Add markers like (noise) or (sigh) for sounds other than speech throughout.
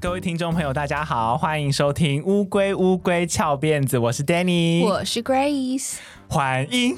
各位聽眾朋友，大家好，歡迎收聽《烏龜烏龜翹辮子》，我是 Danny，我是 Grace，歡迎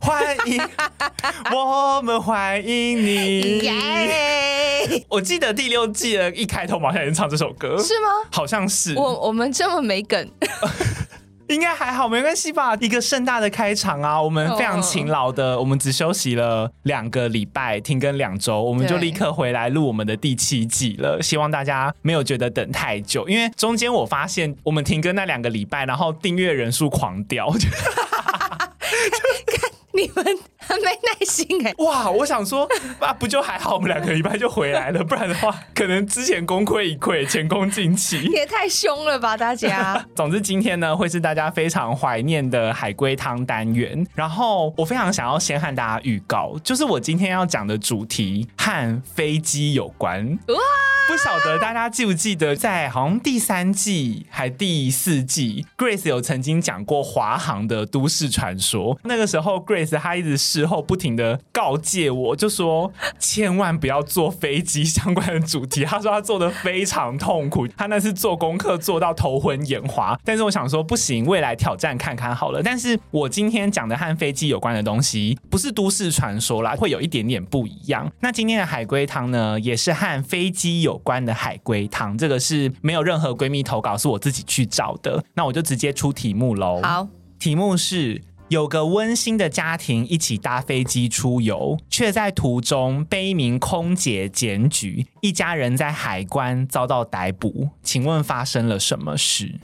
歡迎，歡迎 (laughs) 我們歡迎你。Yay! 我記得第六季的一開頭，馬上演唱這首歌，是嗎？好像是，我我們這麼沒梗。 (laughs) 應該還好，沒關係吧？一個盛大的開場啊！我們非常勤勞的，oh. 我們只休息了兩個禮拜，停更兩週，我們就立刻回來錄我們的第七季了。對希望大家沒有覺得等太久，因為中間我發現我們停更那兩個禮拜，然後訂閱人數狂掉，就 (laughs) (laughs) 看，看你們。很 (laughs) 沒耐心哎、欸！哇，我想說，那不，不就還好？我們兩個禮拜就回來了，不然的話，可能之前功虧一簣，前功盡棄。 (laughs) 你也太凶了吧，大家！ (laughs) 總之，今天呢，會是大家非常懷念的海龜湯單元。然後，我非常想要先和大家預告，就是我今天要講的主題和飛機有關。哇！不曉得大家記不記得，在好像第三季還第四季，Grace 有曾經講過華航的都市傳說。那個時候，Grace 他一直。之後不停地告誡我，就說千萬不要坐飛機相關的主題。他說他做得非常痛苦，他那是做功課做到頭昏眼花。但是我想說，不行，未來挑戰看看好了。但是我今天講的和飛機有關的東西，不是都市傳說啦，會有一點點不一樣。那今天的海龜湯呢，也是和飛機有關的海龜湯，這個是沒有任何閨蜜投稿，是我自己去找的。那我就直接出題目嘍。好，題目是。有個溫馨的家庭一起搭飛機出遊，卻在途中被一名空姐檢舉，一家人在海關遭到逮捕。請問發生了什麼事？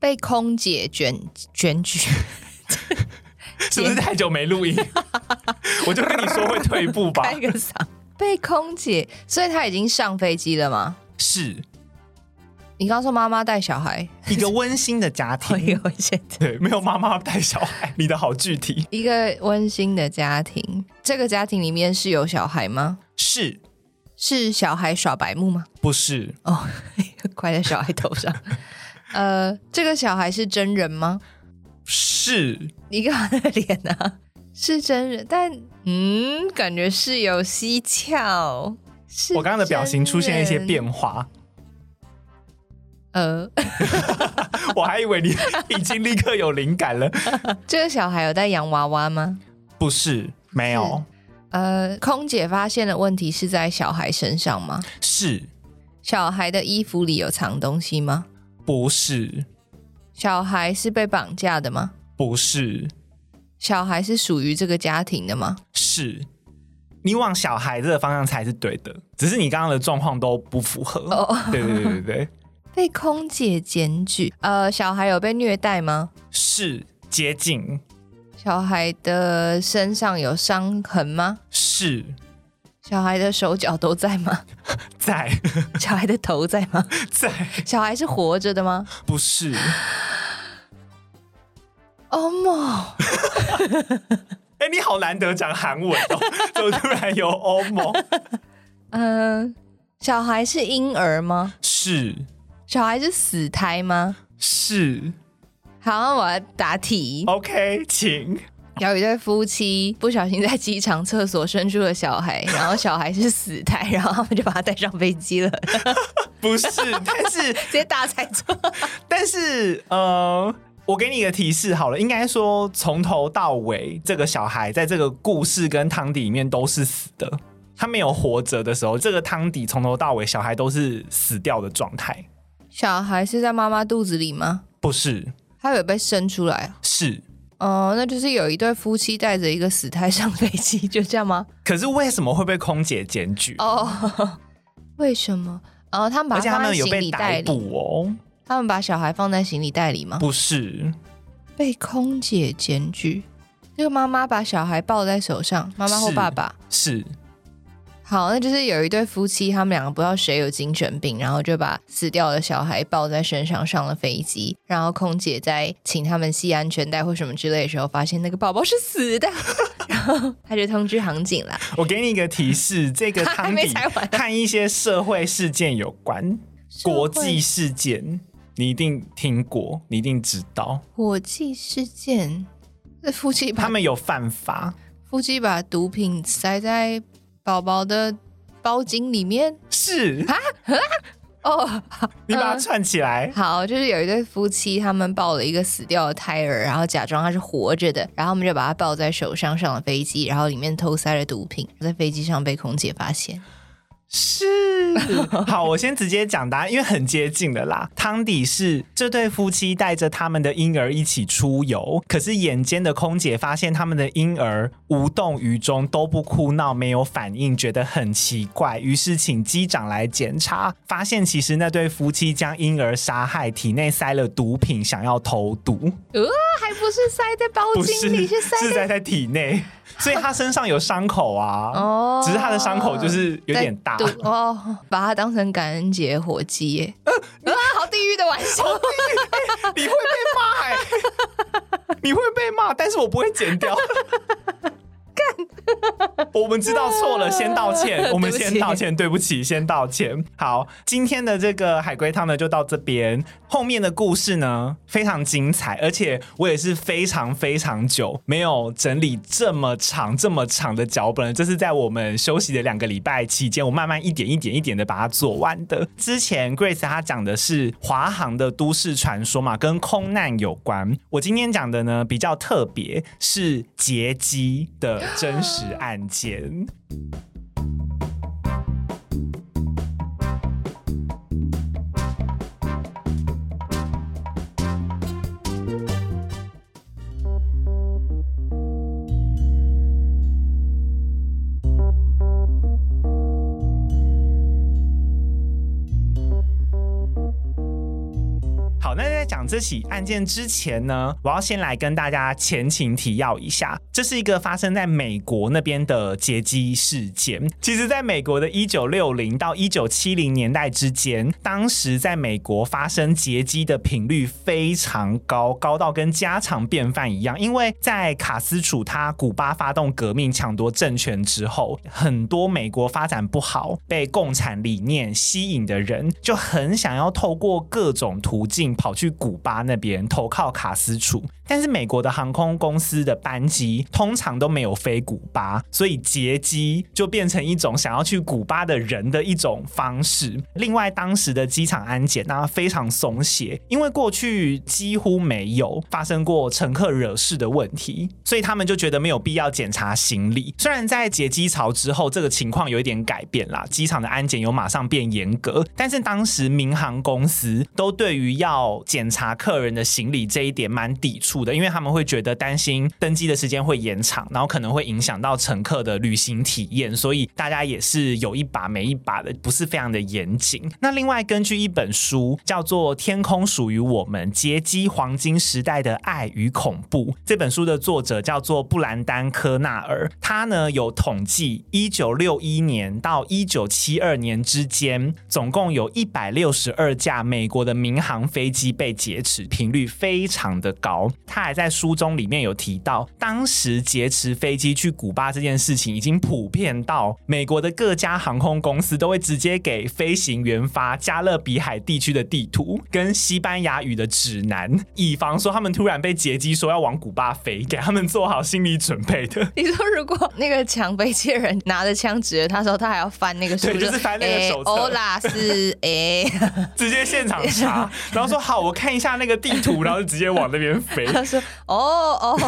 被空姐捲捲舉， (laughs) 是不是太久沒錄音？我就跟你說會退步吧。開個嗓。被空姐，所以他已經上飛機了嗎？是。你剛說媽媽帶小孩，一個溫馨的家庭。 (laughs) 對，沒有媽媽帶小孩，你的好具體。一個溫馨的家庭，這個家庭裡面是有小孩嗎？是，是小孩耍白目嗎？不是哦，快在、oh, (laughs) 小孩頭上。呃， (laughs) uh, 這個小孩是真人嗎？是一個人的臉呢、啊，是真人，但嗯，感覺是有蹊蹺。是我剛剛的表情出現一些變化。呃， (laughs) (laughs) 我還以為你已經立刻有靈感了。這個小孩有帶洋娃娃嗎？不是，沒有。呃，空姐發現的問題是在小孩身上嗎？是。小孩的衣服裡有藏東西嗎？不是。小孩是被綁架的嗎？不是。小孩是屬於這個家庭的嗎？是。你往小孩這個方向才是對的，只是你剛剛的狀況都不符合。對、oh. 對對對對。 (laughs) 被空姐檢舉，呃，小孩有被虐待嗎？是，接近。小孩的身上有傷痕嗎？是。小孩的手腳都在嗎？在。 (laughs) 小孩的頭在嗎？在。小孩是活着的嗎？不是。歐夢，哎，你好難得講韓文哦，怎麼 (laughs) 突然有歐夢。嗯，小孩是嬰兒嗎？是。小孩是死胎嗎？是。好，我來答題。OK，請。有一對夫妻不小心在機場廁所生出了小孩，然後小孩是死胎， (laughs) 然後他們就把他帶上飛機了。 (laughs) (laughs) 不是，但是直 (laughs) 接打猜測。 (laughs) 但是，呃，我給你一個提示好了。應該說，從頭到尾，這個小孩在這個故事跟湯底裡面都是死的。他沒有活着的時候，這個湯底從頭到尾，小孩都是死掉的狀態。小孩是在媽媽肚子裡嗎？不是，他有被生出來、啊。是，哦、呃，那就是有一對夫妻帶着一個死胎上飛機，就這樣嗎？ (laughs) 可是為什麼會被空姐檢舉？哦，為什麼？呃、哦、他們把他們有被逮捕哦，他們把小孩放在行李袋裡嗎？不是，被空姐檢舉，這個媽媽把小孩抱在手上，媽媽或爸爸是。是好，那就是有一對夫妻，他們兩個不知道誰有精神病，然後就把死掉的小孩抱在身上上了飛機。然後空姐在請他們繫安全帶或什麼之類的時候，發現那個寶寶是死的， (laughs) 然後他就通知航警了。我給你一個提示， (laughs) 這個他還沒猜完，看一些社會事件有關國際事件，會你一定聽過，你一定知道國際事件。夫妻他們有犯法，夫妻把毒品塞在。寶寶的包巾裡面，是啊，哦，你把它串起來。好，啊，就是有一對夫妻，他們抱了一個死掉的胎兒，然後假裝他是活着的，然後我們就把他抱在手上上了飛機，然後裡面偷塞了毒品，在飛機上被空姐發現。是， (laughs) 好，我先直接講答案，因為很接近的啦。湯底是這對夫妻帶着他們的嬰兒一起出遊，可是眼尖的空姐發現他們的嬰兒無動於衷，都不哭鬧，沒有反應，覺得很奇怪，於是請機長來檢查，發現其實那對夫妻將嬰兒殺害，體內塞了毒品，想要投毒。呃、哦，還不是塞在包巾裡，不是塞，是塞在體內。所以他身上有傷口啊，哦，只是他的傷口就是有點大哦。把他當成感恩節火雞，欸、呃、啊，好地獄的玩笑，哦，你會被罵哎，你會被罵，欸， (laughs) 但是我不會剪掉。 (laughs) (laughs) (laughs) 我們知道錯了，先道歉。我們先道歉，對不，對不起，先道歉。好，今天的這個海龜湯呢，就到這邊。後面的故事呢，非常精彩，而且我也是非常非常久沒有整理這麼長這麼長的腳本。這是在我們休息的兩個禮拜期間，我慢慢一點一點一點的把它做完的。之前 Grace 她講的是華航的都市傳說嘛，跟空難有關。我今天講的呢，比較特別，是劫機的。真實案件。在講這起案件之前呢，我要先來跟大家前情提要一下，這是一個發生在美國那邊的劫機事件。其實，在美國的一九六零到一九七零年代之間，當時在美國發生劫機的頻率非常高，高到跟家常便飯一樣。因為在卡斯楚他古巴發動革命搶奪政權之後，很多美國發展不好、被共產理念吸引的人，就很想要透過各種途徑跑去。古巴那邊投靠卡斯楚。但是美國的航空公司的班機通常都沒有飛古巴，所以劫機就變成一種想要去古巴的人的一種方式。另外，當時的機場安檢那、啊、非常鬆懈，因為過去幾乎沒有發生過乘客惹事的問題，所以他們就覺得沒有必要檢查行李。雖然在劫機潮之後，這個情況有一點改變了，機場的安檢有馬上變嚴格，但是當時民航公司都對於要檢查客人的行李這一點蠻抵觸的。因為他們會覺得擔心登機的時間會延長，然後可能會影響到乘客的旅行體驗，所以大家也是有一把沒一把的，不是非常的嚴謹。那另外，根據一本書叫做《天空屬於我們：劫機黃金時代的愛與恐怖》，這本書的作者叫做布蘭丹·科納爾，他呢有統計，一九六一年到一九七二年之間，總共有一百六十二架美國的民航飛機被劫持，頻率非常的高。他還在書中裡面有提到，當時劫持飛機去古巴這件事情已經普遍到美國的各家航空公司都會直接給飛行員發加勒比海地區的地圖跟西班牙語的指南，以防說他們突然被劫機說要往古巴飛，給他們做好心理準備的。你說如果那個搶飛機的人拿着槍指着他說他還要翻那個手冊，就是翻那個手冊。哦啦、欸，是哎，直接現場查，然後說好，我看一下那個地圖，然後就直接往那邊飛。他說：“哦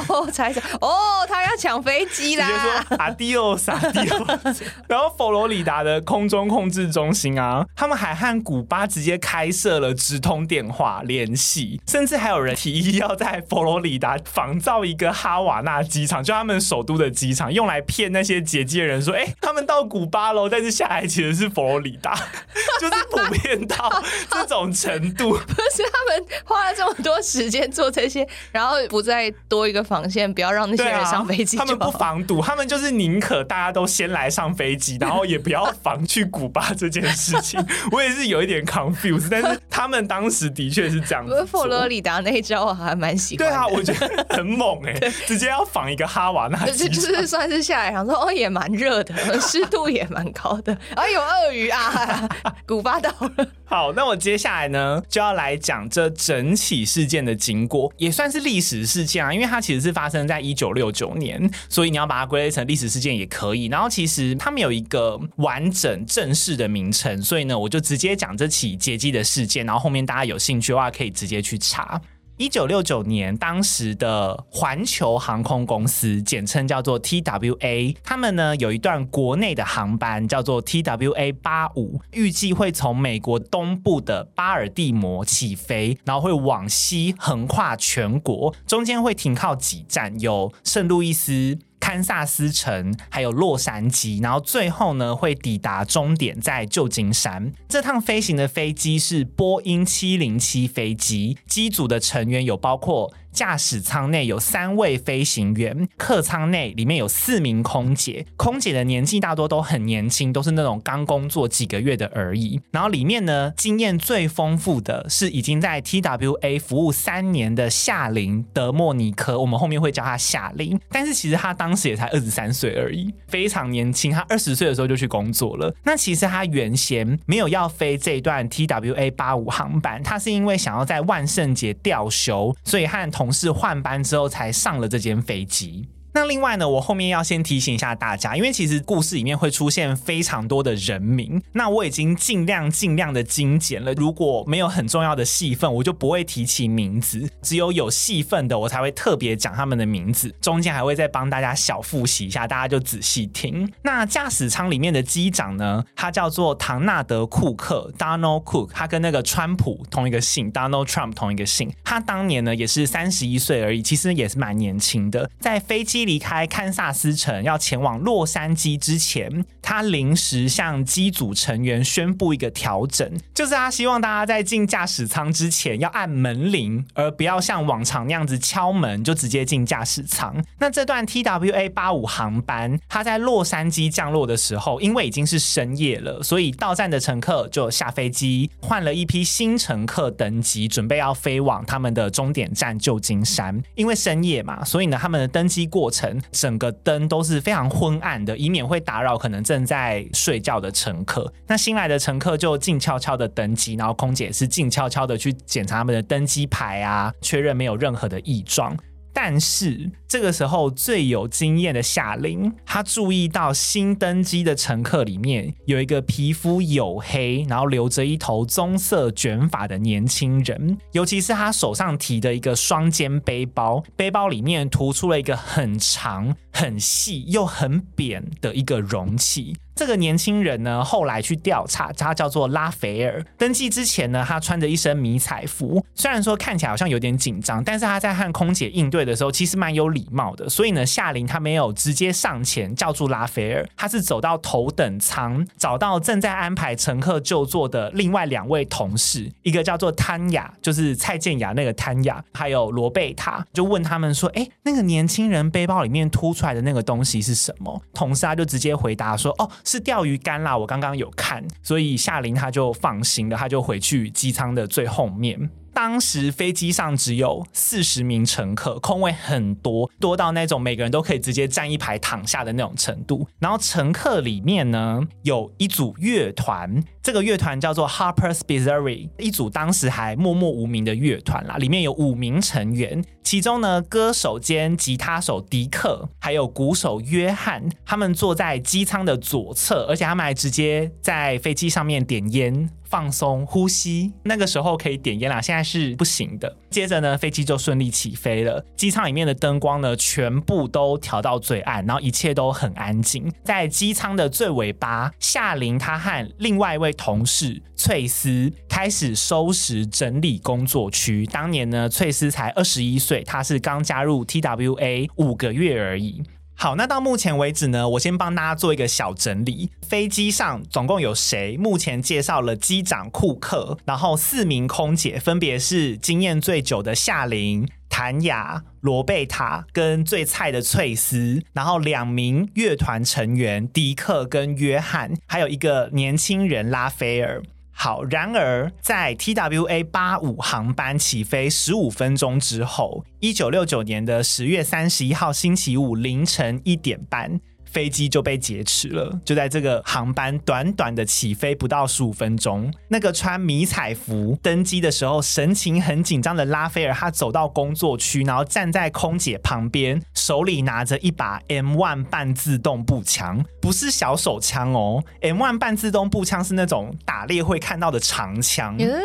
哦，猜想 (laughs) 哦，他要搶飛機啦！”啊，第二，啊第哦，啊第哦。然後佛羅里達的空中控制中心啊，他們還和古巴直接開設了直通電話聯繫，甚至還有人提議要在佛羅里達仿造一個哈瓦那機場，就他們首都的機場，用來騙那些劫機的人說：哎、欸，他們到古巴嘍，但是下來其實是佛羅里達， (laughs) 就是普遍到這種程度。 (laughs) 不是他們花了這麼多時間做這些。然後不再多一個防線，不要讓那些人上飛機、啊。他們不防堵，他們就是寧可大家都先來上飛機，然後也不要防去古巴這件事情。 (laughs) 我也是有一點 confused，但是他們當時的確是這樣子。佛羅里達那一招我還蠻喜歡。對啊，我覺得很猛哎、欸， (laughs) 對直接要防一個哈瓦那。可是就是算是下來，想說哦，也蠻熱的，濕度也蠻高的， (laughs) 啊，有鱷魚啊，古巴到了。好，那我接下來呢就要來講這整起事件的經過，也算是歷史事件啊，因為它其實是發生在一九六九年，所以你要把它歸類成歷史事件也可以。然後其實它沒有一個完整正式的名稱，所以呢，我就直接講這起劫機的事件。然後後面大家有興趣的話，可以直接去查。一九六九年，當時的環球航空公司，簡稱叫做 TWA，他們呢，有一段國內的航班叫做 TWA 八五，預計會從美國東部的巴爾的摩起飛，然後會往西橫跨全國，中間會停靠幾站，有聖路易斯。堪薩斯城，還有洛杉磯，然後最後呢會抵達終點，在舊金山。這趟飛行的飛機是波音七零七飛機，機組的成員有包括。駕駛艙內有三位飛行員，客艙內裡面有四名空姐，空姐的年紀大多都很年輕，都是那種剛工作幾個月的而已。然後裡面呢，經驗最豐富的是已經在 TWA 服務三年的夏林德莫尼科。我們後面會叫他夏林，但是其實他當時也才二十三歲而已，非常年輕。他二十歲的時候就去工作了。那其實他原先沒有要飛這一段 TWA 八五航班，他是因為想要在萬聖節調休，所以和同同事換班之後，才上了這間飛機。那另外呢，我後面要先提醒一下大家，因為其實故事裡面會出現非常多的人名，那我已經盡量盡量的精簡了。如果沒有很重要的戲份，我就不會提起名字，只有有戲份的，我才會特別講他們的名字。中間還會再幫大家小複習一下，大家就仔細聽。那駕駛艙裡面的機長呢，他叫做唐納德·庫克 （Donald Cook），他跟那個川普同一個姓 （Donald Trump） 同一個姓。他當年呢也是三十一歲而已，其實也是蠻年輕的，在飛機。離開堪薩斯城要前往洛杉磯之前，他臨時向機組成員宣布一個調整，就是他希望大家在進駕駛艙之前要按門鈴，而不要像往常那樣子敲門就直接進駕駛艙。那這段 TWA 八五航班，他在洛杉磯降落的時候，因為已經是深夜了，所以到站的乘客就下飛機，換了一批新乘客登機，準備要飛往他們的終點站舊金山。因為深夜嘛，所以呢，他們的登機過。整個燈都是非常昏暗的，以免會打擾可能正在睡覺的乘客。那新來的乘客就靜悄悄的登機，然後空姐也是靜悄悄的去檢查他們的登機牌啊，確認沒有任何的異狀。但是這個時候最有經驗的夏琳，她注意到新登機的乘客裡面有一個皮膚黝黑，然後留着一頭棕色捲髮的年輕人，尤其是他手上提的一個雙肩背包，背包裡面突出了一個很長、很細又很扁的一個容器。這個年輕人呢，後來去調查，他叫做拉斐爾。登機之前呢，他穿着一身迷彩服，雖然說看起來好像有點緊張，但是他在和空姐應對的時候，其實蠻有禮貌的。所以呢，夏琳他沒有直接上前叫住拉斐爾，他是走到頭等艙，找到正在安排乘客就座的另外兩位同事，一個叫做譚雅，就是蔡健雅那個譚雅，還有羅貝塔，就問他們說：“哎，那個年輕人背包裡面凸出來的那個東西是什麼？”同事他就直接回答說：“哦。”是釣魚竿啦，我剛剛有看，所以夏琳她就放心了，她就回去機艙的最後面。當時飛機上只有四十名乘客，空位很多，多到那種每個人都可以直接站一排躺下的那種程度。然後乘客裡面呢，有一組樂團，這個樂團叫做 Harper's Bizarre，一組當時還默默無名的樂團啦。裡面有五名成員，其中呢，歌手兼吉他手迪克，還有鼓手約翰，他們坐在機艙的左側，而且他們還直接在飛機上面點煙。放鬆呼吸，那個時候可以點菸啦，現在是不行的。接着呢，飛機就順利起飛了。機艙裡面的燈光呢，全部都調到最暗，然後一切都很安靜。在機艙的最尾巴，夏琳他和另外一位同事翠絲開始收拾整理工作區。當年呢，翠絲才二十一歲，她是剛加入 TWA 五個月而已。好，那到目前為止呢，我先幫大家做一個小整理。飛機上總共有誰？目前介紹了機長庫克，然後四名空姐，分別是經驗最久的夏琳、譚雅，羅貝塔跟最菜的翠絲，然後兩名樂團成員迪克跟約翰，還有一個年輕人拉斐爾。好，然而在 TWA 八五航班起飛十五分鐘之後，一九六九年的十月三十一號星期五凌晨一點半。飛機就被劫持了，就在這個航班短短的起飛不到十五分鐘，那個穿迷彩服登機的時候神情很緊張的拉斐爾，他走到工作區，然後站在空姐旁邊，手裡拿着一把 M1 半自動步槍，不是小手槍哦，M1 半自動步槍是那種打獵會看到的長槍，Yeah.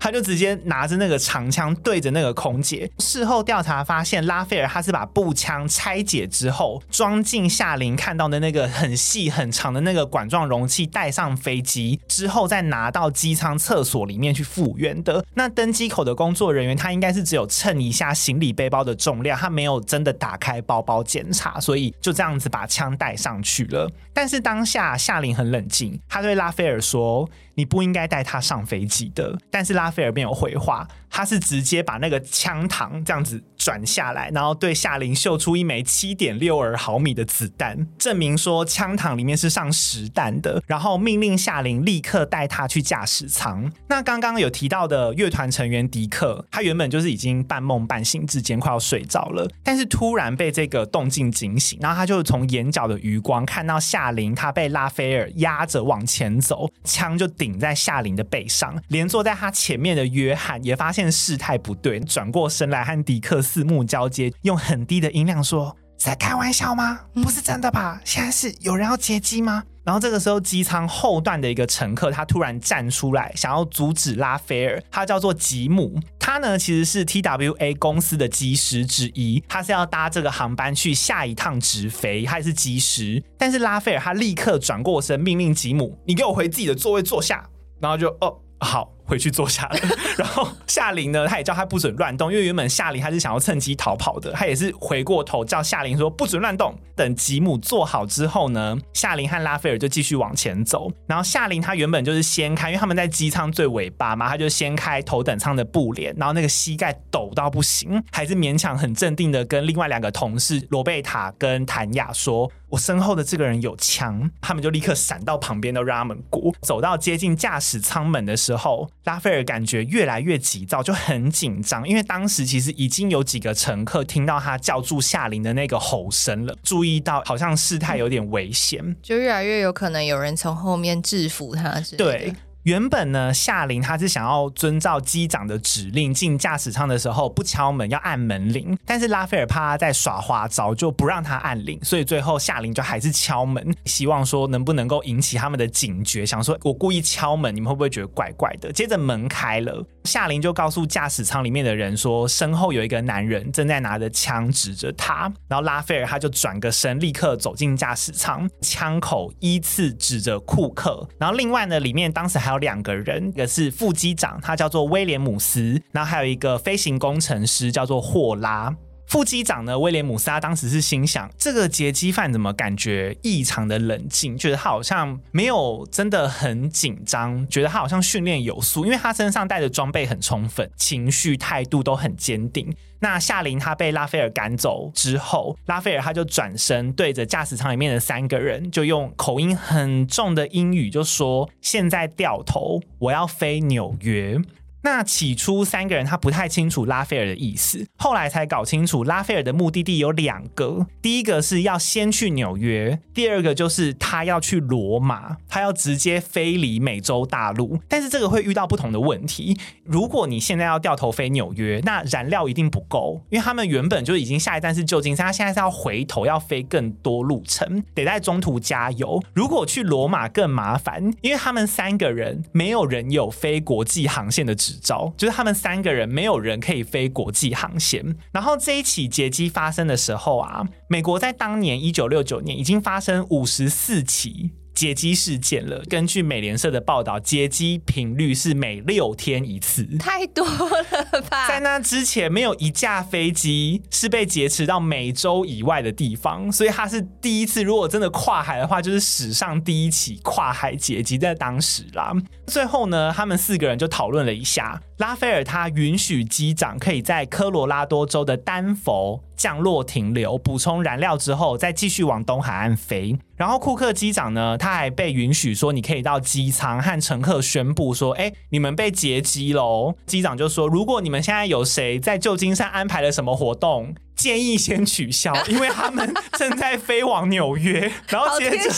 他就直接拿着那個長槍對着那個空姐。事後調查發現，拉斐爾他是把步槍拆解之後裝進夏令看。看到的那個很細很長的那個管狀容器帶上飛機之後，再拿到機艙廁所裡面去復原的。那登機口的工作人員他應該是只有稱一下行李背包的重量，他沒有真的打開包包檢查，所以就這樣子把槍帶上去了。但是當下夏琳很冷靜，他對拉斐爾說。你不應該帶他上飛機的，但是拉斐爾沒有回話，他是直接把那個槍膛這樣子轉下來，然後對夏琳秀出一枚七點六二毫米的子彈，證明說槍膛裡面是上實彈的，然後命令夏琳立刻帶他去駕駛艙。那剛剛有提到的樂團成員迪克，他原本就是已經半夢半醒之間快要睡着了，但是突然被這個動靜驚醒，然後他就從眼角的餘光看到夏琳，他被拉斐爾壓着往前走，槍就頂。頂在夏琳的背上，連坐在他前面的約翰也發現事態不對，轉過身來和迪克四目交接，用很低的音量說。在開玩笑嗎？不是真的吧？嗯、現在是有人要劫機嗎？然後這個時候機艙後段的一個乘客，他突然站出來，想要阻止拉斐爾。他叫做吉姆，他呢其實是 TWA 公司的機師之一，他是要搭這個航班去下一趟直飛，他也是機師。但是拉斐爾他立刻轉過身，命令吉姆：“你給我回自己的座位坐下。”然後就哦，好。回去坐下， (laughs) 然後夏琳呢，他也叫他不准亂動，因為原本夏琳他是想要趁機逃跑的，他也是回過頭叫夏琳說不准亂動。等吉姆坐好之後呢，夏琳和拉斐爾就繼續往前走。然後夏琳他原本就是掀開，因為他們在機艙最尾巴嘛，他就掀開頭等艙的布簾，然後那個膝蓋抖到不行，還是勉強很鎮定的跟另外兩個同事羅貝塔跟譚雅說：“我身後的這個人有槍。”他們就立刻閃到旁邊，讓他們過，走到接近駕駛艙門的時候。拉菲爾感覺越來越急躁，就很緊張，因為當時其實已經有幾個乘客聽到他叫住夏琳的那個吼聲了，注意到好像事態有點危險，就越來越有可能有人從後面制服他，對。原本呢，夏琳她是想要遵照機長的指令進駕駛艙的時候不敲門，要按門鈴。但是拉菲爾怕他在耍花招，就不讓他按鈴。所以最後夏琳就還是敲門，希望說能不能夠引起他們的警覺，想說我故意敲門，你們會不會覺得怪怪的？接着門開了，夏琳就告訴駕駛艙裡面的人說，身後有一個男人正在拿着槍指着他。然後拉菲爾他就轉個身，立刻走進駕駛艙，槍口依次指着庫克。然後另外呢，裡面當時還。兩個人，一個是副機長，他叫做威廉姆斯，然後還有一個飛行工程師叫做霍拉。副機長呢？威廉姆斯他當時是心想，這個劫機犯怎麼感覺異常的冷靜？覺得他好像沒有真的很緊張，覺得他好像訓練有素，因為他身上帶的裝備很充分，情緒態度都很堅定。那夏琳他被拉斐爾趕走之後，拉斐爾他就轉身對着駕駛艙裡面的三個人，就用口音很重的英語就說：“現在掉頭，我要飛紐約。”那起初三個人他不太清楚拉斐爾的意思，後來才搞清楚拉斐爾的目的地有兩個，第一個是要先去紐約，第二個就是他要去羅馬，他要直接飛離美洲大陸。但是這個會遇到不同的問題。如果你現在要掉頭飛紐約，那燃料一定不夠，因為他們原本就已經下一站是舊金山，他現在是要回頭要飛更多路程，得在中途加油。如果去羅馬更麻煩，因為他們三個人沒有人有飛國際航線的執。招就是他們三個人沒有人可以飛國際航線。然後這一起劫機發生的時候啊，美國在當年一九六九年已經發生五十四起。劫機事件了。根據美聯社的報道，劫機頻率是每六天一次，太多了吧？在那之前，沒有一架飛機是被劫持到美洲以外的地方，所以它是第一次。如果真的跨海的話，就是史上第一起跨海劫機，在當時啦。最後呢，他們四個人就討論了一下。拉斐爾他允許機長可以在科羅拉多州的丹佛降落停留，補充燃料之後再繼續往東海岸飛。然後庫克機長呢，他還被允許說，你可以到機艙和乘客宣布說，哎、欸，你們被劫機嘍！機長就說，如果你們現在有誰在舊金山安排了什麼活動。建議先取消，因為他們正在飛往紐約，然後接着、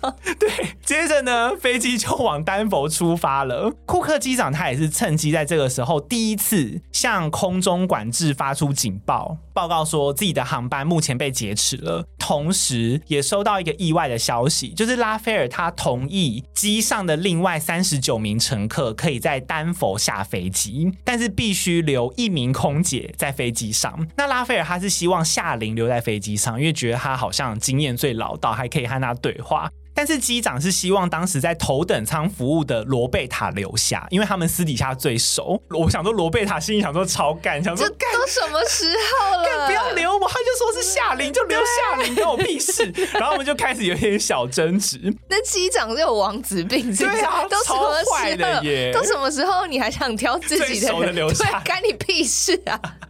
喔、對，接着呢，飛機就往丹佛出發了。庫克機長他也是趁機在這個時候第一次向空中管制發出警報，報告說自己的航班目前被劫持了，同時也收到一個意外的消息，就是拉斐爾他同意機上的另外三十九名乘客可以在丹佛下飛機，但是必須留一名空姐在飛機上。那拉斐爾他是。希望夏琳留在飛機上，因為覺得他好像經驗最老道，還可以和他對話。但是機長是希望當時在頭等艙服務的羅貝塔留下，因為他們私底下最熟。我想說，羅貝塔心裡想說超幹，超幹就，想說都什麼時候了，不要留我，他就說是夏琳，嗯、就留夏琳，跟我屁事。對然後我們就開始有點小爭執。那機長是有王子病，這家伙都超壞的，都什麼時候，你還想挑自己的、的留下？對，干你屁事啊！ (laughs)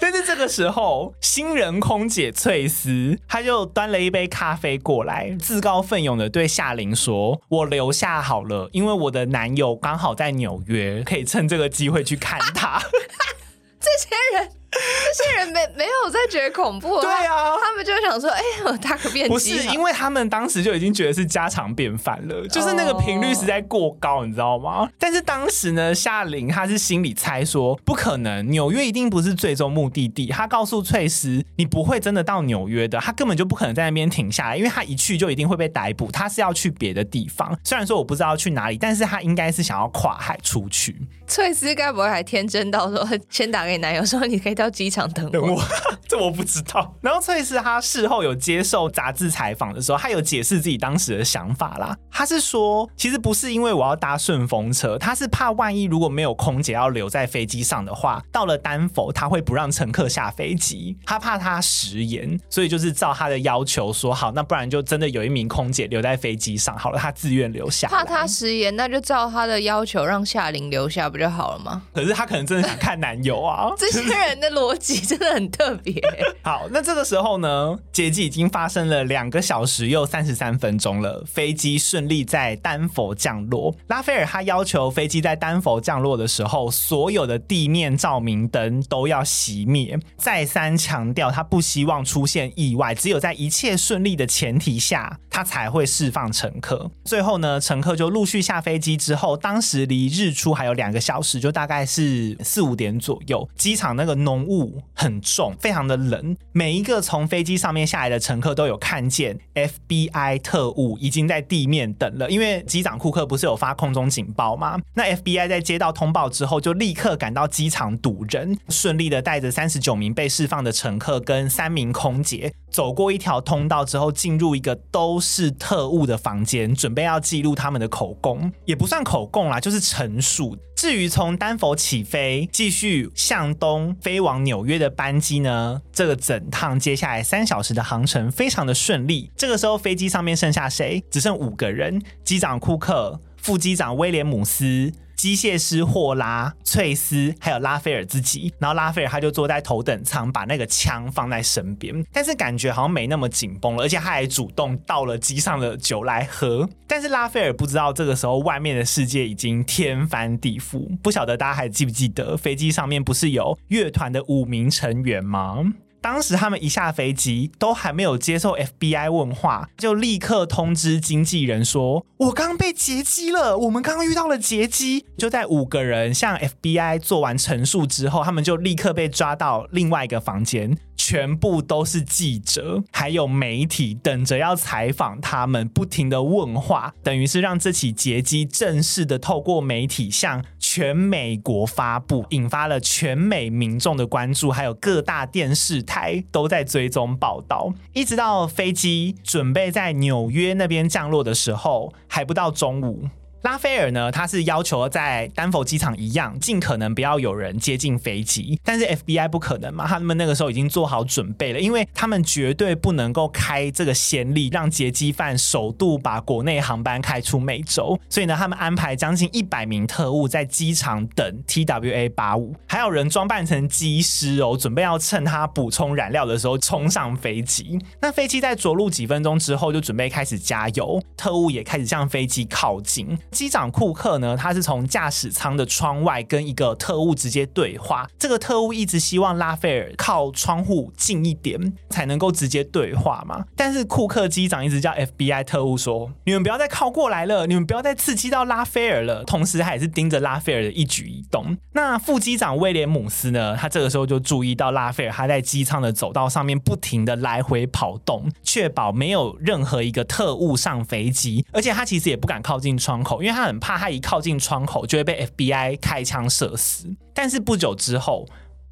但是這個時候，新人空姐翠絲，她就端了一杯咖啡過來，自告奮勇地對夏琳說：“我留下好了，因為我的男友剛好在紐約，可以趁這個機會去看他。啊啊”這些人。 (laughs) 這些人沒沒有在覺得恐怖，對啊， (laughs) 他們就想說，哎呦，他可變。不是，因為他們當時就已經覺得是家常便飯了，就是那個頻率實在過高，oh. 你知道嗎？但是當時呢，夏琳他是心裡猜說，不可能，紐約一定不是最終目的地。他告訴翠絲，你不會真的到紐約的，他根本就不可能在那邊停下來，因為他一去就一定會被逮捕。他是要去別的地方，雖然說我不知道去哪裡，但是他應該是想要跨海出去。翠絲該不會還天真到說，先打給男友說，你可以到機場等，等我，這我不知道。 (laughs) 然後翠絲她他事後有接受雜誌採訪的時候，他有解釋自己當時的想法啦。他是說，其實不是因為我要搭順風車，他是怕萬一如果沒有空姐要留在飛機上的話，到了丹佛他會不讓乘客下飛機，他怕他食言，所以就是照他的要求說好，那不然就真的有一名空姐留在飛機上好了，他自願留下，怕他食言，那就照他的要求讓夏琳留下不就好了嗎？可是他可能真的想看男友啊， (laughs) 這些人的。邏輯真的很特別。 (laughs) 好，那這個時候呢，劫機已經發生了兩個小時又三十三分鐘了，飛機順利在丹佛降落。拉菲爾他要求飛機在丹佛降落的時候，所有的地面照明燈都要熄滅，再三強調他不希望出現意外，只有在一切順利的前提下，他才會釋放乘客。最後呢，乘客就陸續下飛機之後，當時離日出還有兩個小時，就大概是四五點左右，機場那個農霧很重，非常的冷。每一個從飛機上面下來的乘客都有看見，FBI 特務已經在地面等了。因為機長庫克不是有發空中警報嗎？那 FBI 在接到通報之後，就立刻趕到機場堵人，順利的帶着三十九名被釋放的乘客跟三名空姐走過一條通道之後，進入一個都是特務的房間，準備要記錄他們的口供，也不算口供啦，就是陳述。至於從丹佛起飛，繼續向東飛往紐約的班機呢？這個整趟接下來三小時的航程非常的順利。這個時候，飛機上面剩下誰？只剩五個人：機長庫克、副機長威廉姆斯。機械師霍拉、翠絲，還有拉斐爾自己，然後拉斐爾他就坐在頭等艙，把那個槍放在身邊，但是感覺好像沒那麼緊繃了，而且他還主動倒了機上的酒來喝。但是拉斐爾不知道，這個時候外面的世界已經天翻地覆。不曉得大家還記不記得，飛機上面不是有樂團的五名成員嗎？當時他們一下飛機，都還沒有接受 FBI 問話，就立刻通知經紀人說：“我剛被劫機了，我們剛剛遇到了劫機。”就在五個人向 FBI 做完陳述之後，他們就立刻被抓到另外一個房間。全部都是記者，還有媒體等着要採訪他們，不停的問話，等於是讓這起劫機正式的透過媒體向全美國發布，引發了全美民眾的關注，還有各大電視台都在追蹤報道，一直到飛機準備在紐約那邊降落的時候，還不到中午。拉斐爾呢，他是要求在丹佛機場一樣，盡可能不要有人接近飛機。但是 FBI 不可能嘛，他們那個時候已經做好準備了，因為他們絕對不能夠開這個先例，讓劫機犯首度把國內航班開出美洲。所以呢，他們安排將近一百名特務在機場等 TWA 八五，還有人裝扮成機師哦，準備要趁他補充燃料的時候衝上飛機。那飛機在着陸幾分鐘之後，就準備開始加油，特務也開始向飛機靠近。機長庫克呢？他是從駕駛艙的窗外跟一個特務直接對話。這個特務一直希望拉斐爾靠窗戶近一點，才能夠直接對話嘛。但是庫克機長一直叫 FBI 特務說：“你們不要再靠過來了，你們不要再刺激到拉斐爾了。”同時，他也是盯着拉斐爾的一舉一動。那副機長威廉姆斯呢？他這個時候就注意到拉斐爾他在機艙的走道上面不停的來回跑動，確保沒有任何一個特務上飛機，而且他其實也不敢靠近窗口。因為他很怕，他一靠近窗口就會被 FBI 開槍射死。但是不久之後。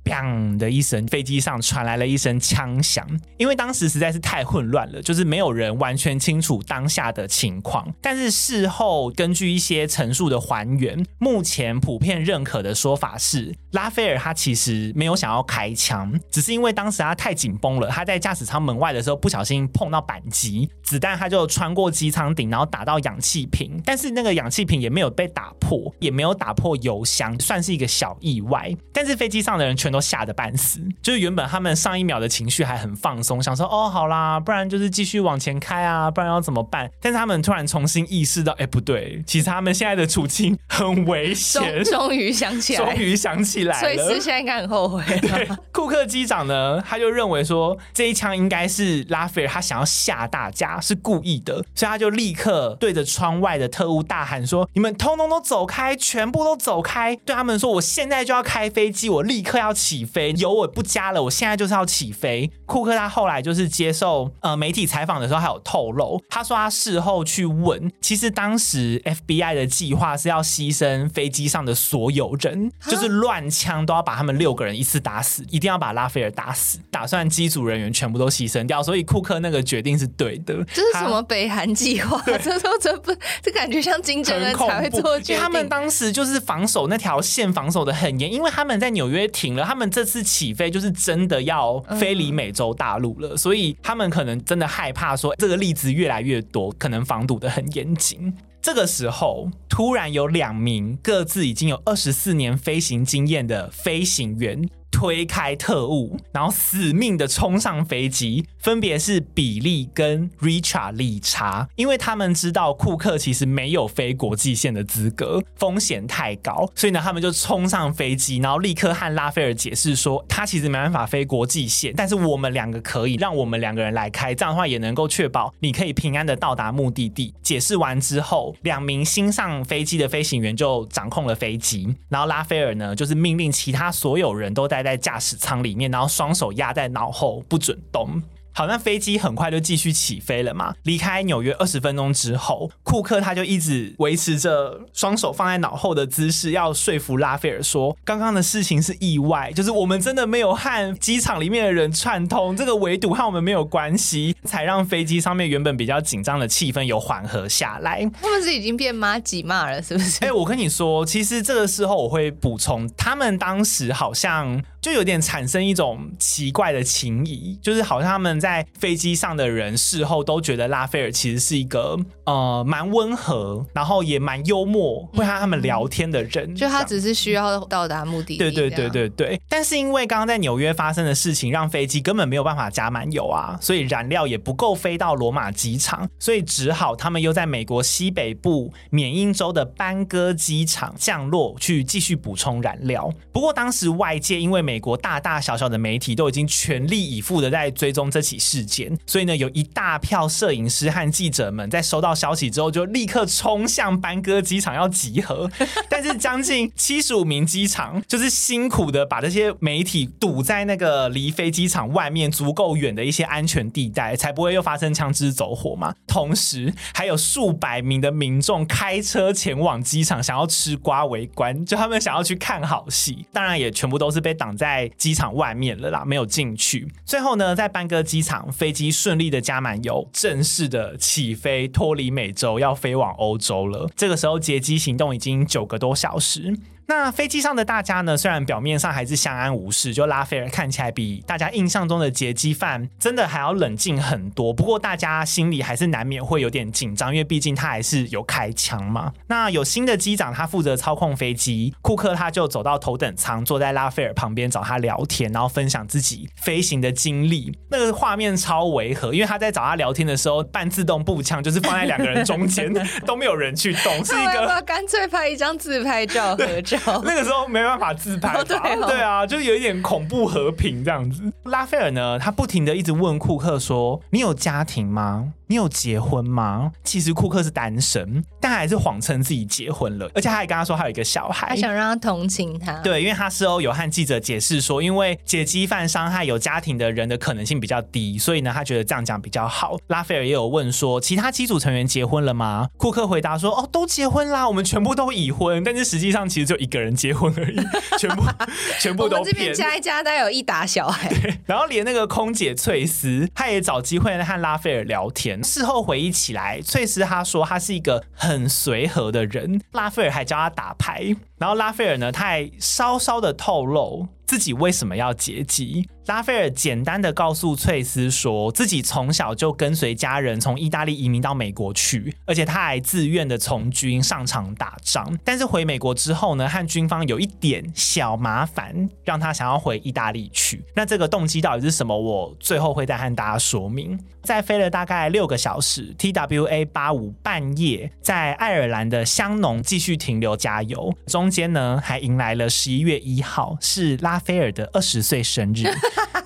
砰的一聲，飛機上傳來了一聲槍響。因為當時實在是太混亂了，就是沒有人完全清楚當下的情況。但是事後根據一些陳述的還原，目前普遍認可的說法是，拉斐爾他其實沒有想要開槍，只是因為當時他太緊繃了。他在駕駛艙門外的時候不小心碰到扳機，子彈他就穿過機艙頂，然後打到氧氣瓶。但是那個氧氣瓶也沒有被打破，也沒有打破油箱，算是一個小意外。但是飛機上的人全都。都嚇得半死，就是原本他們上一秒的情緒還很放鬆，想說哦好啦，不然就是繼續往前開啊，不然要怎麼辦？但是他們突然重新意識到，哎、欸、不對，其實他們現在的處境很危險。終於想起來，終於想起來了。所以是現在應該很後悔。對，庫克機長呢，他就認為說這一槍應該是拉斐爾他想要嚇大家，是故意的，所以他就立刻對着窗外的特務大喊說：“你們通通都走開，全部都走開！”對他們說：“我現在就要開飛機，我立刻要。”起飛油我不加了，我現在就是要起飛。庫克他後來就是接受呃媒體採訪的時候，還有透露，他說他事後去問，其實當時 FBI 的計劃是要犧牲飛機上的所有人，蛤就是亂槍都要把他們六個人一次打死，一定要把拉斐爾打死，打算機組人員全部都犧牲掉，所以庫克那個決定是對的。這是什麼北韓計劃？這都這不這感覺像金正恩才會做決定。他們當時就是防守那條線防守的很嚴，因為他們在紐約停了，他。他們這次起飛就是真的要飛離美洲大陸了，嗯、所以他們可能真的害怕說這個例子越來越多，可能防堵得很嚴謹。這個時候，突然有兩名各自已經有二十四年飛行經驗的飛行員。推開特務，然後死命的衝上飛機，分別是比利跟 Richard 理查，ch, 因為他們知道庫克其實沒有飛國際線的資格，風險太高，所以呢，他們就衝上飛機，然後立刻和拉菲爾解釋說，他其實沒辦法飛國際線，但是我們兩個可以，讓我們兩個人來開，這樣的話也能夠確保你可以平安的到達目的地。解釋完之後，兩名新上飛機的飛行員就掌控了飛機，然後拉菲爾呢，就是命令其他所有人都待在。在駕駛艙裡面，然後雙手壓在腦後，不准動。好，那飛機很快就繼續起飛了嘛。離開紐約二十分鐘之後，庫克他就一直維持着雙手放在腦後的姿勢，要說服拉菲爾說，剛剛的事情是意外，就是我們真的沒有和機場裡面的人串通，這個圍堵和我們沒有關係，才讓飛機上面原本比較緊張的氣氛有緩和下來。他們是已經變麻吉嘛了，是不是？哎、欸，我跟你說，其實這個時候我會補充，他們當時好像。就有點產生一種奇怪的情誼，就是好像他們在飛機上的人事後都覺得拉菲爾其實是一個呃蠻溫和，然後也蠻幽默，會和他們聊天的人。嗯、就他只是需要到達目的地。對，對對對對對。但是因為剛剛在紐約發生的事情，讓飛機根本沒有辦法加滿油啊，所以燃料也不夠飛到羅馬機場，所以只好他們又在美國西北部緬因州的班戈機場降落，去繼續補充燃料。不過當時外界因為美美國大大小小的媒體都已經全力以赴的在追蹤這起事件，所以呢，有一大票攝影師和記者們在收到消息之後，就立刻衝向班戈機場要集合。但是，將近七十五名機場就是辛苦的把這些媒體堵在那個離飛機場外面足夠遠的一些安全地帶，才不會又發生槍支走火嘛。同時，還有數百名的民眾開車前往機場，想要吃瓜圍觀，就他們想要去看好戲。當然，也全部都是被擋在。在機場外面了啦，沒有進去。最後呢，在班戈機場，飛機順利的加滿油，正式的起飛，脫離美洲，要飛往歐洲了。這個時候，劫機行動已經九個多小時。那飛機上的大家呢？雖然表面上還是相安無事，就拉斐爾看起來比大家印象中的劫機犯真的還要冷靜很多。不過大家心裡還是難免會有點緊張，因為畢竟他還是有開槍嘛。那有新的機長，他負責操控飛機，庫克他就走到頭等艙，坐在拉斐爾旁邊找他聊天，然後分享自己飛行的經歷。那個畫面超違和，因為他在找他聊天的時候，半自動步槍就是放在兩個人中間， (laughs) 都沒有人去動，是一個，我要乾脆拍一張自拍照合照。 (laughs) (laughs) 那個時候沒辦法自拍，對啊，就有一點恐怖和平這樣子。拉斐爾呢，他不停的一直問庫克說：“你有家庭嗎？”你有結婚嗎？其實庫克是單身，但還是謊稱自己結婚了，而且他也跟他說他有一個小孩，他想讓他同情他。對，因為他事後有和記者解釋說，因為劫機犯傷害有家庭的人的可能性比較低，所以呢，他覺得這樣講比較好。拉斐爾也有問說，其他機組成員結婚了嗎？庫克回答說，哦，都結婚啦，我們全部都已婚，但是實際上其實就一個人結婚而已，全部 (laughs) 全部都騙一家，一家都有一打小孩，對，然後連那個空姐翠絲，她也找機會和拉斐爾聊天。事後回憶起來，翠絲他說他是一個很隨和的人，拉斐爾還教他打牌，然後拉斐爾呢，他還稍稍的透露。自己為什麼要劫機？拉菲爾簡單的告訴翠絲說，自己從小就跟隨家人從意大利移民到美國去，而且他還自願的從軍上場打仗。但是回美國之後呢，和軍方有一點小麻煩，讓他想要回意大利去。那這個動機到底是什麼？我最後會再和大家說明。再飛了大概六個小時，TWA 八五半夜在愛爾蘭的香農繼續停留加油，中間呢還迎來了十一月一號，是拉。拉斐爾的二十歲生日，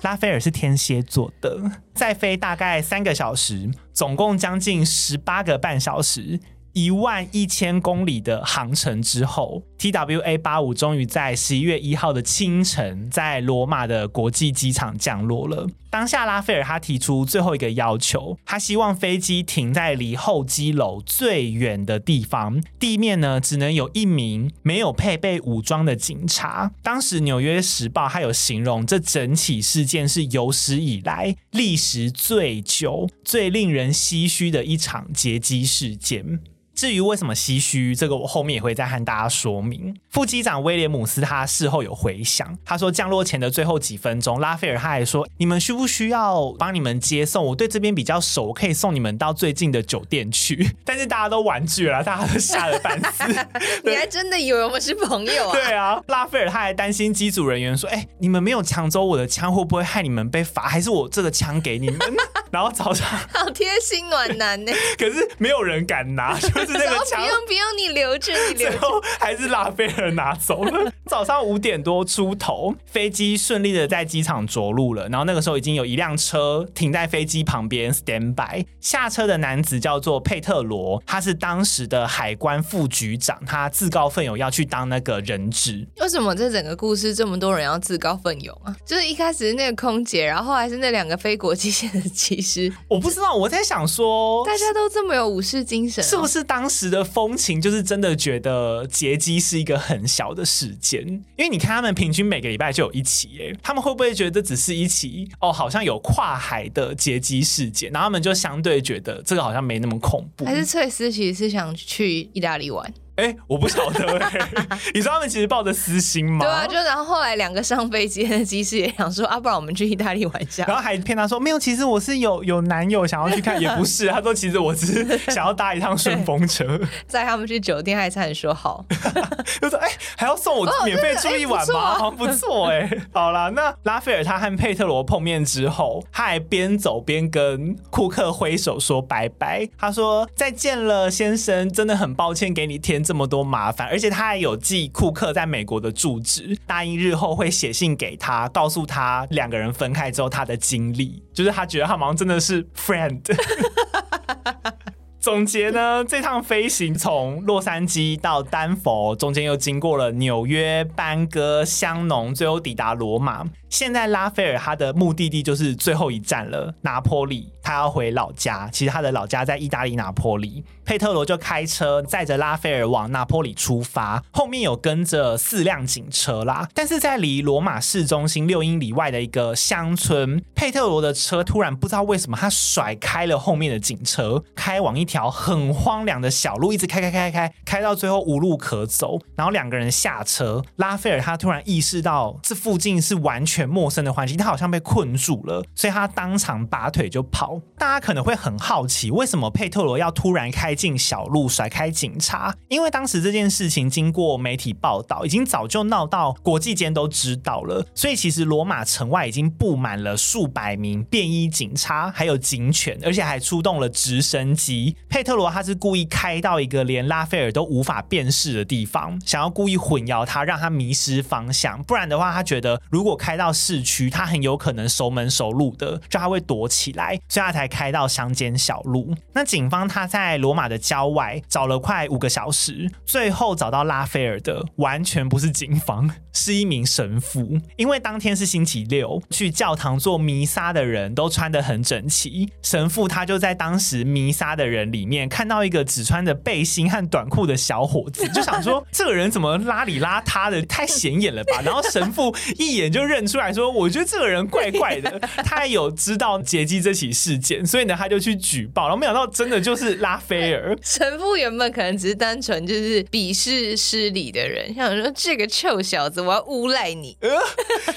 拉斐爾是天蠍座的。再 (laughs) 飛大概三個小時，總共將近十八個半小時，一萬一千公里的航程之後，TWA 八五終於在十一月一號的清晨，在羅馬的國際機場降落了。當下拉斐爾他提出最後一個要求，他希望飛機停在離候機樓最遠的地方，地面呢只能有一名沒有配備武裝的警察。當時《紐約時報》還有形容這整起事件是有史以來歷時最久、最令人唏噓的一場劫機事件。至於為什麼唏噓，這個我後面也會再和大家說明。副機長威廉姆斯他事後有回想，他說降落前的最後幾分鐘，拉菲爾他還說：“你們需不需要幫你們接送？我對這邊比較熟，可以送你們到最近的酒店去。”但是大家都婉拒了，大家都嚇得半死。 (laughs) 你還真的以為我們是朋友啊？對啊，拉菲爾他還擔心機組人員說：“哎、欸，你們沒有搶走我的槍，會不會害你們被罰？還是我這個槍給你們？” (laughs) 然後早上好貼心暖男呢，可是沒有人敢拿，就是那個槍、 (laughs) 哦、不用不用，你留着，你留著，最後還是拉菲爾拿走了。早上五點多出頭，飛機順利的在機場着陸了。然後那個時候已經有一輛車停在飛機旁邊 stand by。下車的男子叫做佩特羅，他是當時的海關副局長，他自告奮勇要去當那個人質。為什麼這整個故事這麼多人要自告奮勇啊？就是一開始是那個空姐，然後後來是那兩個非國際線的機。我不知道，我在想說，大家都這麼有武士精神，是不是當時的風情就是真的覺得劫機是一個很小的事件？因為你看他們平均每個禮拜就有一起，欸，他們會不會覺得這只是一起哦，好像有跨海的劫機事件，然後他們就相對覺得這個好像沒那麼恐怖？還是翠絲其實是想去意大利玩？哎、欸，我不曉得、欸， (laughs) 你說他們其實抱着私心嗎？對啊，就然後後來兩個上飛機的機師也想說啊，不然我們去意大利玩一下，然後還騙他說沒有，其實我是有有男友想要去看， (laughs) 也不是，他說其實我只是想要搭一趟順風車，載他們去酒店，還差點說好， (laughs) 就說哎。欸還要送我免費住一晚嗎？好、哦就是哎，不錯哎、啊欸。好了，那拉斐爾他和佩特羅碰面之後，他還邊走邊跟庫克揮手說拜拜。他說再見了，先生，真的很抱歉給你添這麼多麻煩。而且他還有寄庫克在美國的住址，答應日後會寫信給他，告訴他兩個人分開之後他的經歷。就是他覺得他好像真的是 friend。 (laughs) 總結呢，這趟飛行從洛杉磯到丹佛，中間又經過了紐約、班戈、香農，最後抵達羅馬。現在拉斐爾他的目的地就是最後一站了，拿坡里，他要回老家。其實他的老家在意大利拿坡里，佩特羅就開車載着拉斐爾往拿坡里出發，後面有跟着四輛警車啦。但是在離羅馬市中心六英里外的一個鄉村，佩特羅的車突然不知道為什麼他甩開了後面的警車，開往一條很荒涼的小路，一直開開開開開，到最後無路可走。然後兩個人下車，拉斐爾他突然意識到這附近是完全。陌生的環境，他好像被困住了，所以他當場拔腿就跑。大家可能會很好奇，為什麼佩特羅要突然開進小路甩開警察？因為當時這件事情經過媒體報道，已經早就鬧到國際間都知道了。所以其實羅馬城外已經佈滿了數百名便衣警察，還有警犬，而且還出動了直升機。佩特羅他是故意開到一個連拉斐爾都無法辨識的地方，想要故意混淆他，讓他迷失方向。不然的話，他覺得如果開到市區，他很有可能熟門熟路的，就他會躲起來，所以他才開到鄉間小路。那警方他在羅馬的郊外找了快五個小時，最後找到拉斐爾的，完全不是警方。是一名神父，因為當天是星期六，去教堂做彌撒的人都穿得很整齊。神父他就在當時彌撒的人裡面看到一個只穿着背心和短褲的小伙子，就想說這個人怎麼邋裡邋遢的，太顯眼了吧？然後神父一眼就認出來說，我覺得這個人怪怪的，他還有知道劫機這起事件，所以呢他就去舉報，然後沒想到真的就是拉斐爾。神父原本可能只是單純就是鄙視失禮的人，想說這個臭小子。我要誣賴你！呃，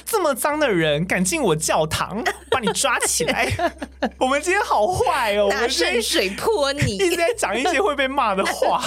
這麼髒的人敢進我教堂，把你抓起來！我們今天好壞哦，拿聖水潑你，一直在講一些會被罵的話。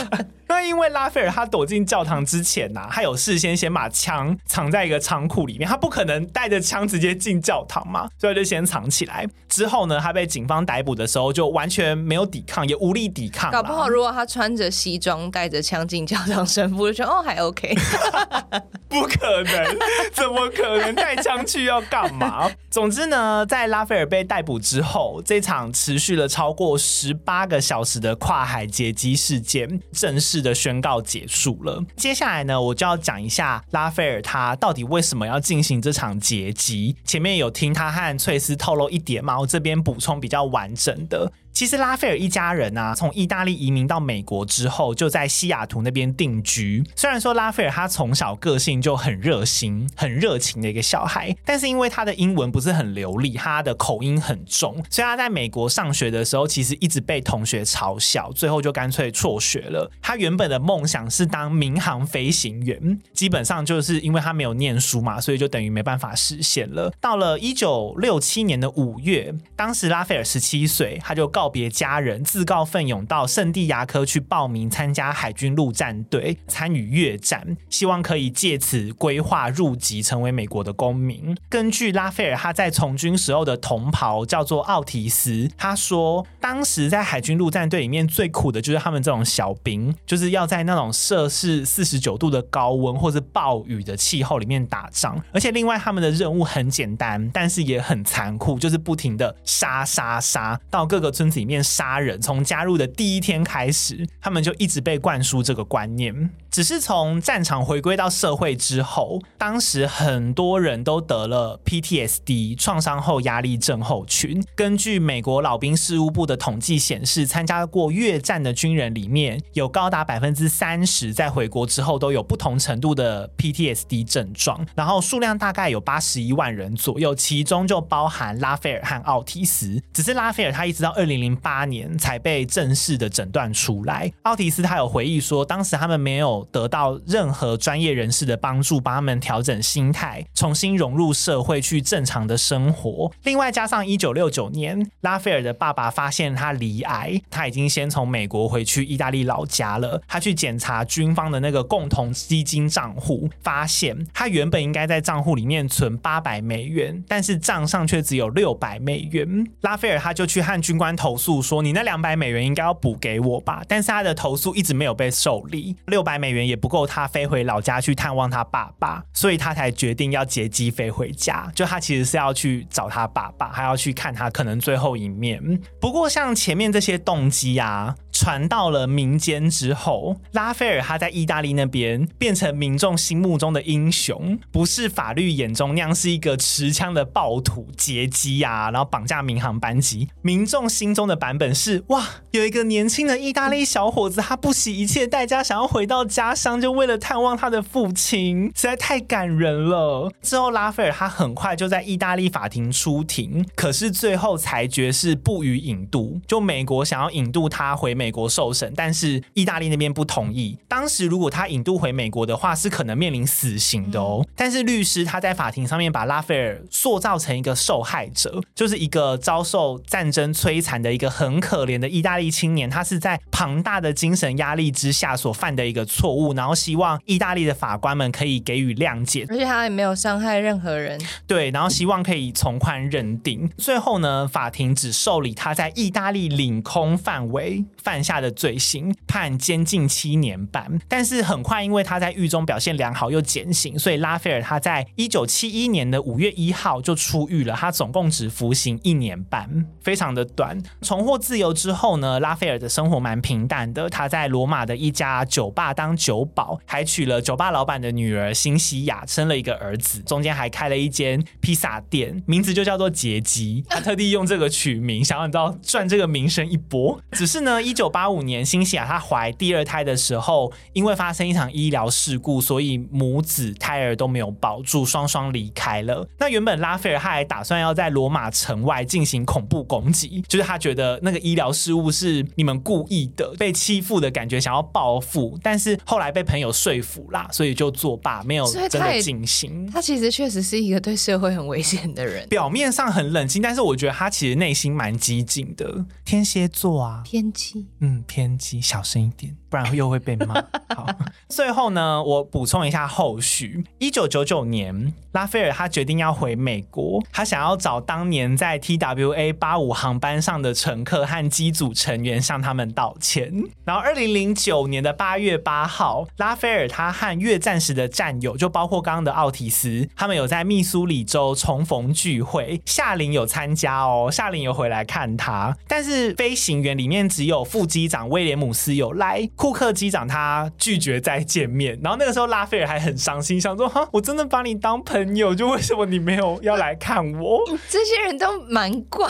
那因為拉斐爾他躲進教堂之前吶、啊，他有事先先把槍藏在一個倉庫裡面，他不可能帶着槍直接進教堂嘛，所以就先藏起來。之後呢，他被警方逮捕的時候，就完全沒有抵抗，也無力抵抗。搞不好如果他穿着西裝帶着槍進教堂，神父就覺得哦還 OK。 (laughs) 不可能，怎麼可能帶槍去要幹嘛？ (laughs) 總之呢，在拉斐爾被逮捕之後，這場持續了超過十八個小時的跨海劫機事件正式的宣告結束了。接下來呢，我就要講一下拉斐爾他到底為什麼要進行這場劫機。前面有聽他和翠絲透露一點嘛，我這邊補充比較完整的。其實拉斐爾一家人啊，從意大利移民到美國之後，就在西雅圖那邊定居。雖然說拉斐爾他從小個性就很熱心、很熱情的一個小孩，但是因為他的英文不是很流利，他的口音很重，所以他在美國上學的時候，其實一直被同學嘲笑，最後就乾脆輟學了。他原本的夢想是當民航飛行員，基本上就是因為他沒有念書嘛，所以就等於沒辦法實現了。到了一九六七年的五月，當時拉斐爾十七歲，他就告。告別家人，自告奮勇到聖地牙科去報名參加海軍陸戰隊，參與越戰，希望可以借此歸化入籍成為美國的公民。根據拉斐爾他在從軍時候的同袍叫做奧提斯，他說當時在海軍陸戰隊裡面最苦的就是他們這種小兵，就是要在那種攝氏四十九度的高溫或是暴雨的氣候裡面打仗，而且另外他們的任務很簡單，但是也很殘酷，就是不停的殺殺殺到各個村子裡面殺人，從加入的第一天開始，他們就一直被灌輸這個觀念。只是從戰場回歸到社會之後，當時很多人都得了 PTSD 創傷後壓力症候群。根據美國老兵事務部的統計顯示，參加過越戰的軍人裡面有高達百分之三十在回國之後都有不同程度的 PTSD 症狀，然後數量大概有八十一萬人左右，其中就包含拉斐爾和奧提斯。只是拉斐爾他一直到二零零。零八年才被正式的診斷出來。奧迪斯他有回憶說，當時他們沒有得到任何專業人士的幫助，幫他們調整心態，重新融入社會，去正常的生活。另外，加上一九六九年，拉斐爾的爸爸發現他罹癌，他已經先從美國回去意大利老家了。他去檢查軍方的那個共同基金賬戶發現他原本應該在賬戶裡面存八百美元，但是賬上卻只有六百美元。拉斐爾他就去和軍官投。投訴說，你那兩百美元應該要補給我吧，但是他的投訴一直沒有被受理，六百美元也不夠他飛回老家去探望他爸爸，所以他才決定要劫機飛回家。就他其實是要去找他爸爸，還要去看他可能最後一面。嗯，不過像前面這些動機啊，傳到了民間之後，拉斐爾他在意大利那邊變成民眾心目中的英雄，不是法律眼中那樣是一個持槍的暴徒劫機啊，然後綁架民航班機。民眾心中的版本是：哇，有一個年輕的意大利小伙子，他不惜一切代價想要回到家鄉，就為了探望他的父親，實在太感人了。之後，拉斐爾他很快就在意大利法庭出庭，可是最後裁決是不予引渡，就美國想要引渡他回美。美國受審，但是意大利那邊不同意。當時如果他引渡回美國的話，是可能面臨死刑的哦、喔。嗯。但是律師他在法庭上面把拉斐爾塑造成一個受害者，就是一個遭受戰爭摧殘的一個很可憐的意大利青年，他是在龐大的精神壓力之下所犯的一個錯誤，然後希望意大利的法官們可以給予諒解，而且他也沒有傷害任何人。對，然後希望可以從寬認定。最後呢，法庭只受理他在意大利領空範圍下的罪行，判監禁七年半，但是很快因為他在獄中表現良好又減刑，所以拉斐爾他在一九七一年的五月一號就出獄了。他總共只服刑一年半，非常的短。重獲自由之後呢，拉斐爾的生活蠻平淡的。他在羅馬的一家酒吧當酒保，還娶了酒吧老板的女兒辛西雅，生了一個兒子。中間還開了一間披薩店，名字就叫做杰吉，他特地用這個取名，想要知道賺這個名聲一波。只是呢，一九八五年，辛西亞，她懷第二胎的時候，因為發生一場醫療事故，所以母子胎兒都沒有保住，雙雙離開了。那原本拉斐爾他還打算要在羅馬城外進行恐怖攻擊，就是他覺得那個醫療失誤是你們故意的，被欺負的感覺，想要報復。但是後來被朋友說服啦，所以就作罷，沒有真的進行。他其實確實是一個對社會很危險的人，表面上很冷靜，但是我覺得他其實內心蠻激進的，天蠍座啊，天蠍。嗯，偏激，小聲一點。不然又會被罵。好， (laughs) 最後呢，我補充一下後續。一九九九年，拉斐爾他決定要回美國，他想要找當年在 TWA 八五航班上的乘客和機組成員，向他們道歉。然後，二零零九年的八月八號，拉斐爾他和越戰時的戰友，就包括剛剛的奧提斯，他們有在密蘇里州重逢聚會，夏林有參加哦，夏林有回來看他。但是飛行員裡面只有副機長威廉姆斯有來。庫克機長他拒絕再見面，然後那個時候拉斐爾還很傷心，想說哈、啊，我真的把你當朋友，就為什麼你沒有要來看我？這些人都蠻怪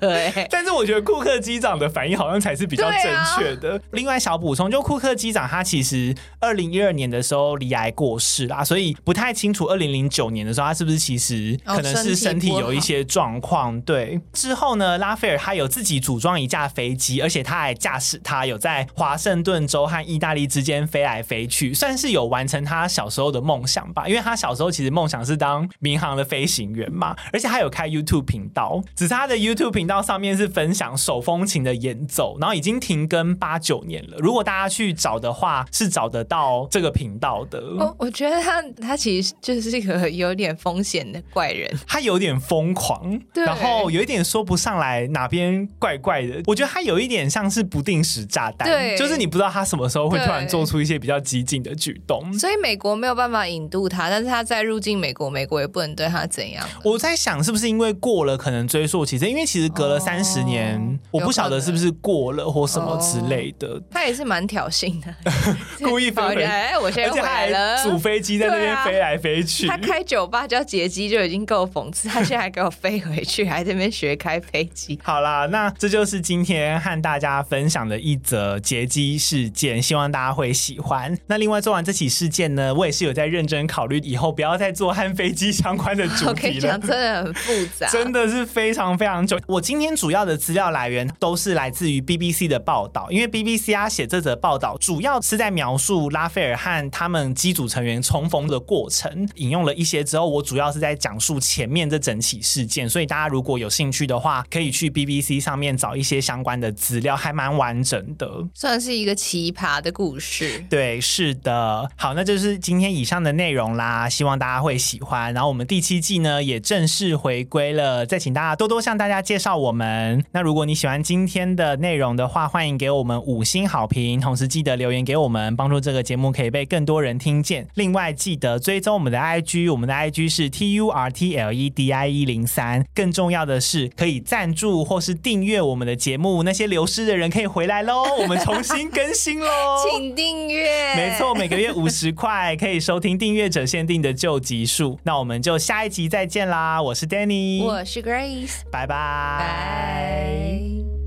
的、欸、 (laughs) 但是我覺得庫克機長的反應好像才是比較正確的。啊、另外小補充，就庫克機長他其實二零一二年的時候罹癌過世啦，所以不太清楚二零零九年的時候他是不是其實可能是身體有一些狀況。哦、對，之後呢，拉斐爾他有自己組裝一架飛機，而且他還駕駛他有在華盛頓頓州和意大利之間飛來飛去，算是有完成他小時候的夢想吧。因為他小時候其實夢想是當民航的飛行員嘛，而且他有開 YouTube 頻道，只是他的 YouTube 頻道上面是分享手風琴的演奏，然後已經停更八九年了。如果大家去找的話，是找得到這個頻道的。哦，我覺得他他其實就是一個有點風險的怪人，他有點瘋狂，對然後有一點說不上來哪邊怪怪的。我覺得他有一點像是不定時炸彈，對，就是你不。不知道他什麼時候會突然做出一些比較激進的舉動，所以美國沒有辦法引渡他，但是他在入境美國，美國也不能對他怎樣。我在想，是不是因為過了可能追溯期，因為其實隔了三十年，oh, 我不曉得是不是過了或什麼之類的。Oh, 他也是蠻挑釁的， (laughs) 故意飛回來，哎，我先回來了，坐飛機在那邊飛來飛去，啊。他開酒吧叫劫機就已經夠諷刺，他現在還給我飛回去， (laughs) 還在那邊學開飛機。好啦，那這就是今天和大家分享的一則劫機捷事件，希望大家會喜歡。那另外做完這起事件呢，我也是有在認真考慮以後不要再做和飛機相關的主題了。OK，我跟你講真的很複雜， (laughs) 真的是非常非常久。我今天主要的資料來源都是來自於 BBC 的報道，因為 BBC 啊寫這則報道主要是在描述拉斐爾和他們機組成員重逢的過程，引用了一些之後，我主要是在講述前面這整起事件。所以大家如果有興趣的話，可以去 BBC 上面找一些相關的資料，還蠻完整的，算是一個。奇葩的故事，對，是的，好，那就是今天以上的內容啦，希望大家會喜歡。然後我們第七季呢也正式回歸了，再請大家多多向大家介紹我們。那如果你喜歡今天的內容的話，歡迎給我們五星好評，同時記得留言給我們，幫助這個節目可以被更多人聽見。另外記得追蹤我們的 IG，我們的 IG 是 T U R T L E D I E 零三。更重要的是，可以贊助或是訂閱我們的節目，那些流失的人可以回來嘍，我們重新跟。請訂閱。沒錯，每個月五十塊可以收聽訂閱者限定的舊集數。 (laughs) 那我們就下一集再見啦！我是 Danny，我是 Grace，拜拜。